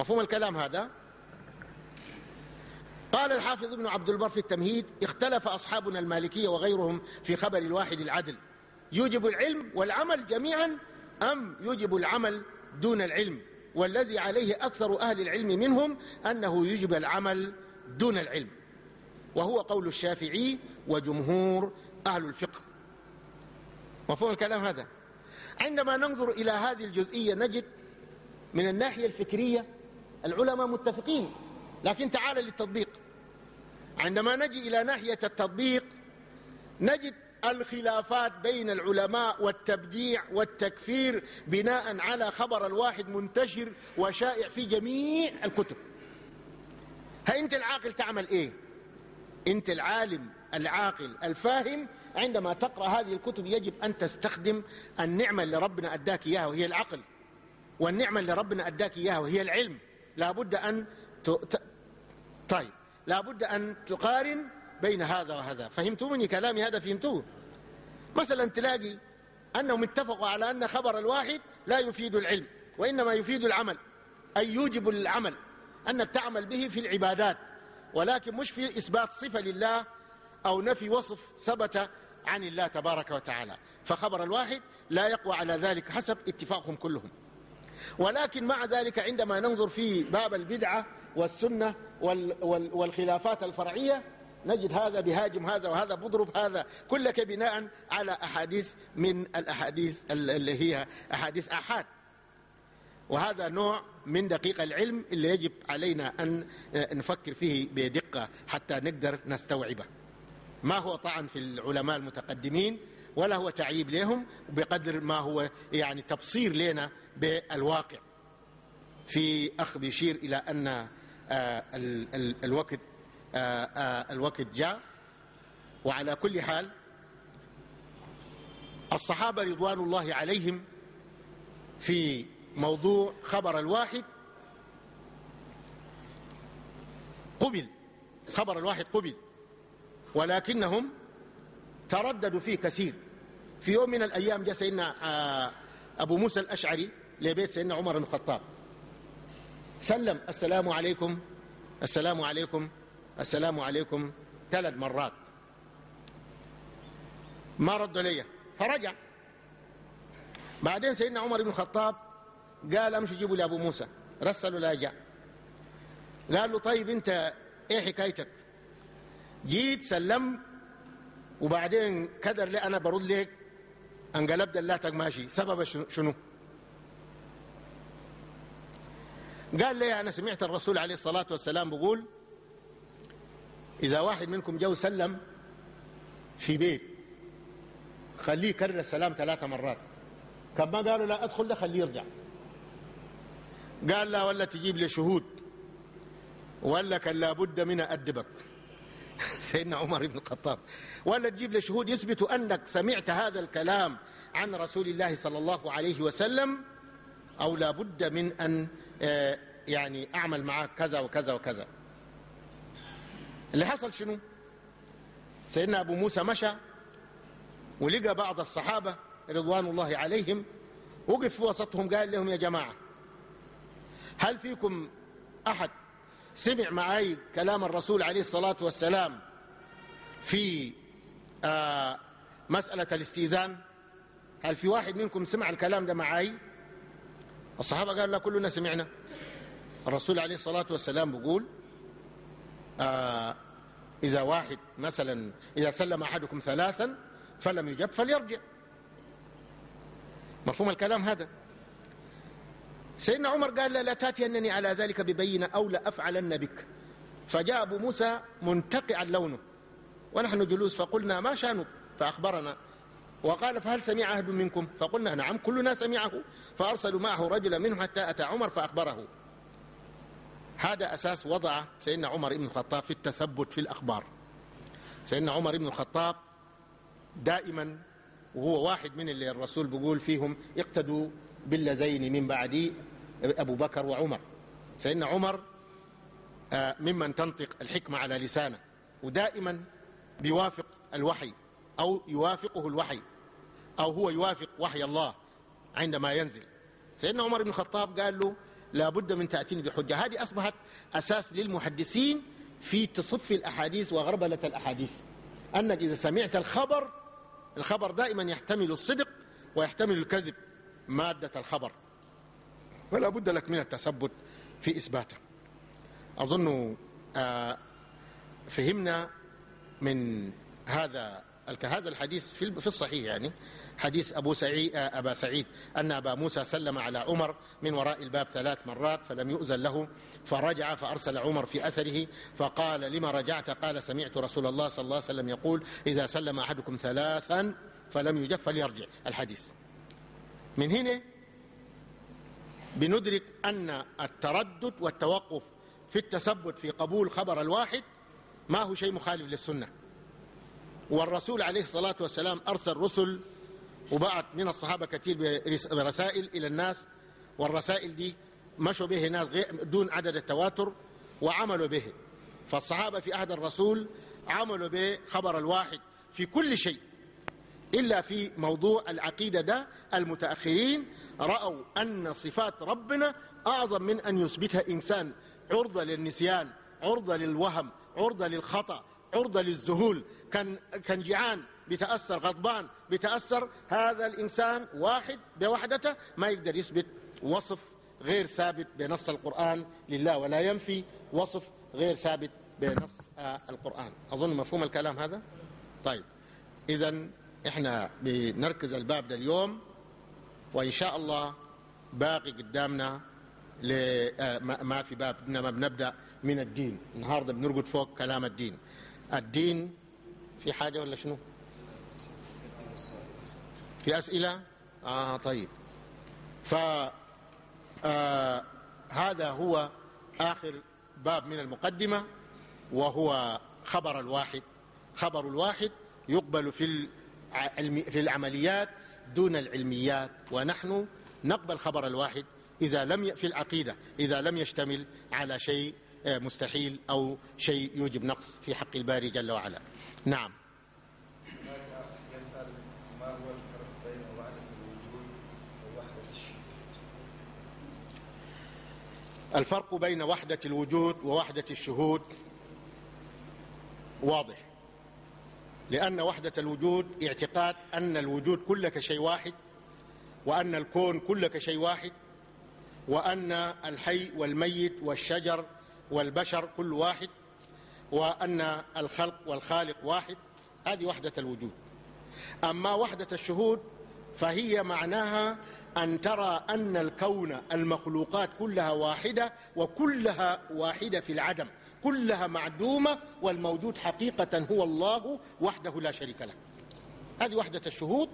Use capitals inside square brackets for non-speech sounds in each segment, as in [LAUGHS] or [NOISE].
مفهوم الكلام هذا قال الحافظ ابن عبد البر في التمهيد اختلف أصحابنا المالكية وغيرهم في خبر الواحد العدل يوجب العلم والعمل جميعا أم يوجب العمل دون العلم والذي عليه أكثر أهل العلم منهم أنه يوجب العمل دون العلم وهو قول الشافعي وجمهور أهل الفقه مفهوم الكلام هذا عندما ننظر إلى هذه الجزئية نجد من الناحية الفكرية العلماء متفقين لكن تعال للتطبيق عندما نجي إلى ناحية التطبيق نجد الخلافات بين العلماء والتبديع والتكفير بناء على خبر الواحد منتشر وشائع في جميع الكتب أنت العاقل تعمل إيه أنت العالم العاقل الفاهم عندما تقرأ هذه الكتب يجب أن تستخدم النعمة اللي ربنا أداك إياها وهي العقل والنعمة اللي ربنا أداك إياها وهي العلم لابد أن ت... طيب لابد أن تقارن بين هذا وهذا مني كلامي هذا فهمتوه مثلا تلاقي أنهم اتفقوا على أن خبر الواحد لا يفيد العلم وإنما يفيد العمل أي يوجب العمل أنك تعمل به في العبادات ولكن مش في إثبات صفة لله أو نفي وصف ثبت عن الله تبارك وتعالى فخبر الواحد لا يقوى على ذلك حسب اتفاقهم كلهم ولكن مع ذلك عندما ننظر في باب البدعة والسنة والخلافات الفرعية نجد هذا بهاجم هذا وهذا بضرب هذا كلك بناء على أحاديث من الأحاديث اللي هي أحاديث أحاد وهذا نوع من دقيق العلم اللي يجب علينا أن نفكر فيه بدقة حتى نقدر نستوعبه ما هو طعن في العلماء المتقدمين ولا هو تعيب لهم بقدر ما هو يعني تبصير لنا بالواقع في أخ بيشير إلى أن آه، الوقت آه، آه، الوقت جاء وعلى كل حال الصحابة رضوان الله عليهم في موضوع خبر الواحد قبل خبر الواحد قبل ولكنهم ترددوا فيه كثير في يوم من الأيام جاء سيدنا آه، أبو موسى الأشعري لبيت سيدنا عمر بن الخطاب سلم السلام عليكم السلام عليكم السلام عليكم ثلاث مرات ما رد لي فرجع بعدين سيدنا عمر بن الخطاب قال امشوا جيبوا لابو موسى رسلوا لا جاء قال له طيب انت ايه حكايتك جيت سلمت وبعدين كدر لي أنا برد لك انقلب دلاتك ماشي سبب شنو قال لي أنا سمعت الرسول عليه الصلاة والسلام بقول إذا واحد منكم جو سلم في بيت خليه يكرر السلام ثلاثة مرات كما قالوا لا أدخل ده خليه يرجع قال لا ولا تجيب لي شهود ولا كان لابد من أدبك [LAUGHS] سيدنا عمر بن الخطاب ولا تجيب لي شهود يثبتوا أنك سمعت هذا الكلام عن رسول الله صلى الله عليه وسلم أو لابد من أن آه، يعني أعمل معك كذا وكذا وكذا اللي حصل شنو سيدنا أبو موسى مشى ولقى بعض الصحابة رضوان الله عليهم وقف في وسطهم قال لهم يا جماعة هل فيكم أحد سمع معي كلام الرسول عليه الصلاة والسلام في آه، مسألة الاستئذان هل في واحد منكم سمع الكلام ده معي الصحابة قال لا كلنا سمعنا الرسول عليه الصلاة والسلام بيقول آه، إذا واحد مثلا إذا سلم أحدكم ثلاثا فلم يجب فليرجع مفهوم الكلام هذا سيدنا عمر قال لا, تاتينني على ذلك ببينة أو لأفعلن بك فجاء أبو موسى منتقعا لونه ونحن جلوس فقلنا ما شانك فأخبرنا وقال فهل سمع أحد منكم فقلنا نعم كلنا سمعه فأرسلوا معه رجلا منهم حتى أتى عمر فأخبره هذا أساس وضع سيدنا عمر بن الخطاب في التثبت في الأخبار سيدنا عمر بن الخطاب دائما وهو واحد من اللي الرسول بيقول فيهم اقتدوا بالذين من بعدي أبو بكر وعمر سيدنا عمر آه، ممن تنطق الحكمة على لسانه ودائما بيوافق الوحي أو يوافقه الوحي أو هو يوافق وحي الله عندما ينزل سيدنا عمر بن الخطاب قال له لابد من تأتيني بحجة هذه أصبحت أساس للمحدثين في تصف الأحاديث وغربلة الأحاديث أنك إذا سمعت الخبر الخبر دائما يحتمل الصدق ويحتمل الكذب مادة الخبر ولا بد لك من التثبت في إثباته أظن آه، فهمنا من هذا هذا الحديث في الصحيح يعني حديث أبو سعيد آه، أبا سعيد أن أبا موسى سلم على عمر من وراء الباب ثلاث مرات فلم يؤذن له فرجع فأرسل عمر في أثره فقال لما رجعت قال سمعت رسول الله صلى الله عليه وسلم يقول إذا سلم أحدكم ثلاثا فلم يجف فليرجع الحديث من هنا بندرك أن التردد والتوقف في التثبت في قبول خبر الواحد ما هو شيء مخالف للسنة والرسول عليه الصلاة والسلام أرسل رسل وبعت من الصحابة كثير برسائل إلى الناس والرسائل دي مشوا به ناس دون عدد التواتر وعملوا به فالصحابة في عهد الرسول عملوا به خبر الواحد في كل شيء إلا في موضوع العقيدة ده المتأخرين رأوا أن صفات ربنا أعظم من أن يثبتها إنسان عرضة للنسيان عرضة للوهم عرضة للخطأ عرضة للذهول كان, كان جعان بتأثر غضبان بتأثر هذا الإنسان واحد بوحدته ما يقدر يثبت وصف غير ثابت بنص القرآن لله ولا ينفي وصف غير ثابت بنص القرآن أظن مفهوم الكلام هذا طيب إذا احنا بنركز الباب ده اليوم وان شاء الله باقي قدامنا آه، ما في باب انما بنبدا من الدين النهارده بنرقد فوق كلام الدين الدين في حاجه ولا شنو في اسئله اه طيب ف آه، هذا هو اخر باب من المقدمه وهو خبر الواحد خبر الواحد يقبل في في العمليات دون العلميات ونحن نقبل خبر الواحد إذا لم في العقيدة إذا لم يشتمل على شيء آه، مستحيل أو شيء يوجب نقص في حق الباري جل وعلا نعم الفرق بين وحدة الوجود ووحدة الشهود واضح لأن وحدة الوجود اعتقاد أن الوجود كلك كشيء واحد وأن الكون كلك كشيء واحد وأن الحي والميت والشجر والبشر كل واحد وأن الخلق والخالق واحد هذه وحدة الوجود أما وحدة الشهود فهي معناها أن ترى أن الكون المخلوقات كلها واحدة وكلها واحدة في العدم كلها معدومة والموجود حقيقة هو الله وحده لا شريك له هذه وحدة الشهود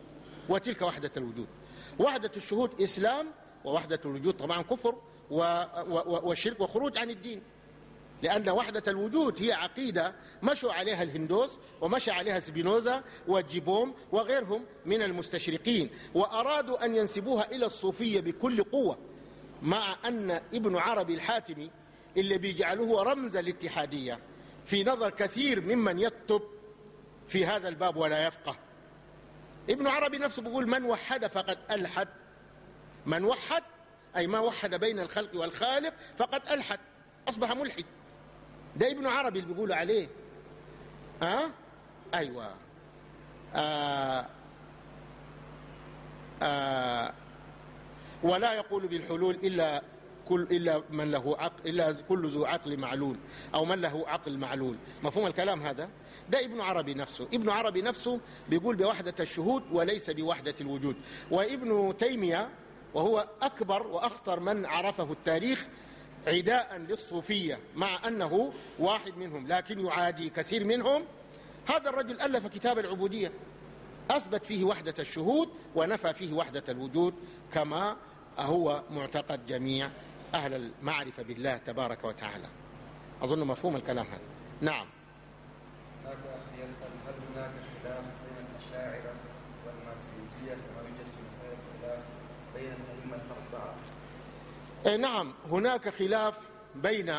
وتلك وحدة الوجود وحدة الشهود إسلام ووحدة الوجود طبعا كفر وشرك وخروج عن الدين لأن وحدة الوجود هي عقيدة مشوا عليها الهندوس ومشى عليها سبينوزا وجيبوم وغيرهم من المستشرقين وأرادوا أن ينسبوها إلى الصوفية بكل قوة مع أن ابن عربي الحاتمي اللي بيجعله رمز الاتحادية في نظر كثير ممن يكتب في هذا الباب ولا يفقه ابن عربي نفسه بيقول من وحد فقد ألحد من وحد أي ما وحد بين الخلق والخالق فقد ألحد أصبح ملحد ده ابن عربي اللي بيقولوا عليه أه؟ أيوة آه آه ولا يقول بالحلول إلا كل إلا من له عقل إلا كل ذو عقل معلول أو من له عقل معلول مفهوم الكلام هذا ده ابن عربي نفسه ابن عربي نفسه بيقول بوحدة الشهود وليس بوحدة الوجود وابن تيمية وهو أكبر وأخطر من عرفه التاريخ عداء للصوفية مع أنه واحد منهم لكن يعادي كثير منهم هذا الرجل ألف كتاب العبودية أثبت فيه وحدة الشهود ونفى فيه وحدة الوجود كما هو معتقد جميع أهل المعرفة بالله تبارك وتعالى أظن مفهوم الكلام هذا نعم هذا أخي يسأل هل هناك خلاف بين الأشاعرة والماتريدية كما يوجد في مسائل الخلاف بين الأئمة الأربعة إيه، نعم هناك خلاف بين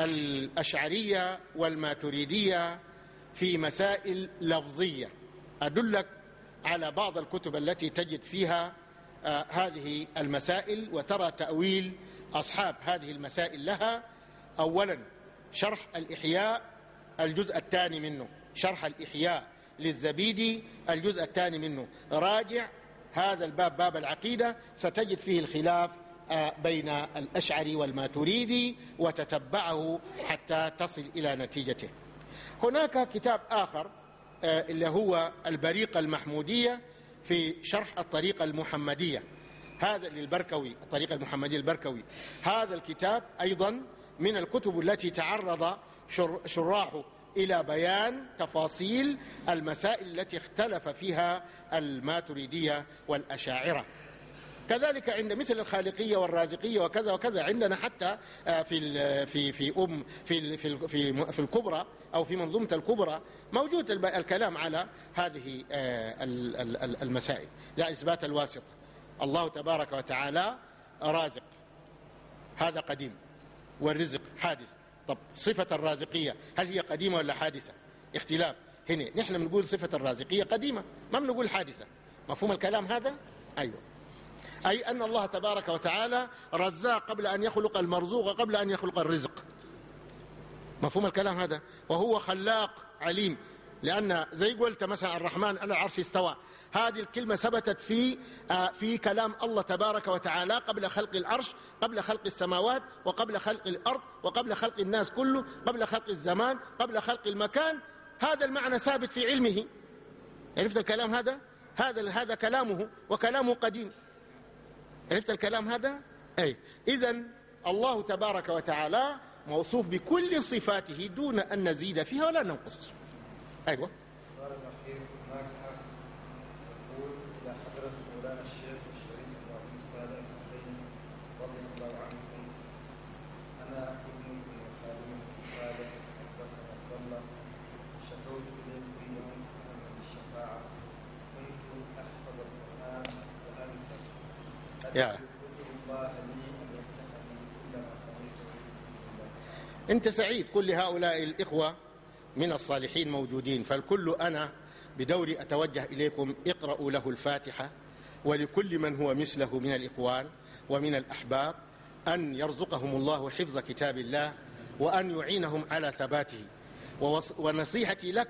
الأشعرية والماتريدية في مسائل لفظية أدلك على بعض الكتب التي تجد فيها آه، هذه المسائل وترى تأويل أصحاب هذه المسائل لها أولا شرح الإحياء الجزء الثاني منه شرح الإحياء للزبيدي الجزء الثاني منه راجع هذا الباب باب العقيدة ستجد فيه الخلاف آه، بين الأشعري والما تريدي وتتبعه حتى تصل إلى نتيجته هناك كتاب آخر آه، اللي هو البريقة المحمودية في شرح الطريقة المحمدية هذا للبركوي الطريقة المحمدية البركوي هذا الكتاب أيضا من الكتب التي تعرض شراحه إلى بيان تفاصيل المسائل التي اختلف فيها الماتريدية والأشاعرة كذلك عند مثل الخالقية والرازقية وكذا وكذا عندنا حتى آه، في في في أم في في في, في الكبرى أو في منظومة الكبرى موجود الكلام على هذه آه، المسائل لا إثبات الواسطة الله تبارك وتعالى رازق هذا قديم والرزق حادث طب صفة الرازقية هل هي قديمة ولا حادثة اختلاف هنا نحن بنقول صفة الرازقية قديمة ما بنقول حادثة مفهوم الكلام هذا أيوه أي أن الله تبارك وتعالى رزاق قبل أن يخلق المرزوق قبل أن يخلق الرزق مفهوم الكلام هذا وهو خلاق عليم لأن زي قلت مثلا الرحمن على العرش استوى هذه الكلمة ثبتت في آه، في كلام الله تبارك وتعالى قبل خلق العرش قبل خلق السماوات وقبل خلق الأرض وقبل خلق الناس كله قبل خلق الزمان قبل خلق المكان هذا المعنى ثابت في علمه عرفت الكلام هذا هذا هذا كلامه وكلامه قديم عرفت الكلام هذا أي إذا الله تبارك وتعالى موصوف بكل صفاته دون أن نزيد فيها ولا ننقص أيوة يا أنت سعيد كل هؤلاء الإخوة من الصالحين موجودين فالكل أنا بدوري أتوجه إليكم اقرأوا له الفاتحة ولكل من هو مثله من الإخوان ومن الأحباب أن يرزقهم الله حفظ كتاب الله وأن يعينهم على ثباته ونصيحتي لك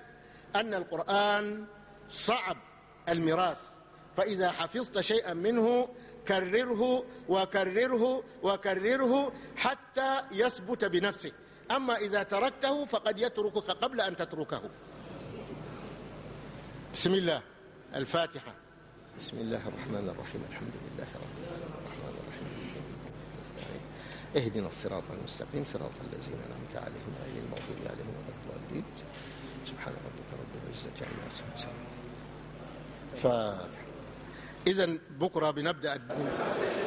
أن القرآن صعب المراس فإذا حفظت شيئا منه كرره وكرره وكرره حتى يثبت بنفسه أما إذا تركته فقد يتركك قبل أن تتركه بسم الله الفاتحة بسم الله الرحمن الرحيم الحمد لله رب العالمين الرحمن الرحيم اهدنا الصراط المستقيم صراط الذين أنعمت عليهم غير المغضوب عليهم ولا الضالين سبحان ربك رب العزة عما يصفون فاتحة إذا بكرة بنبدأ الدنيا.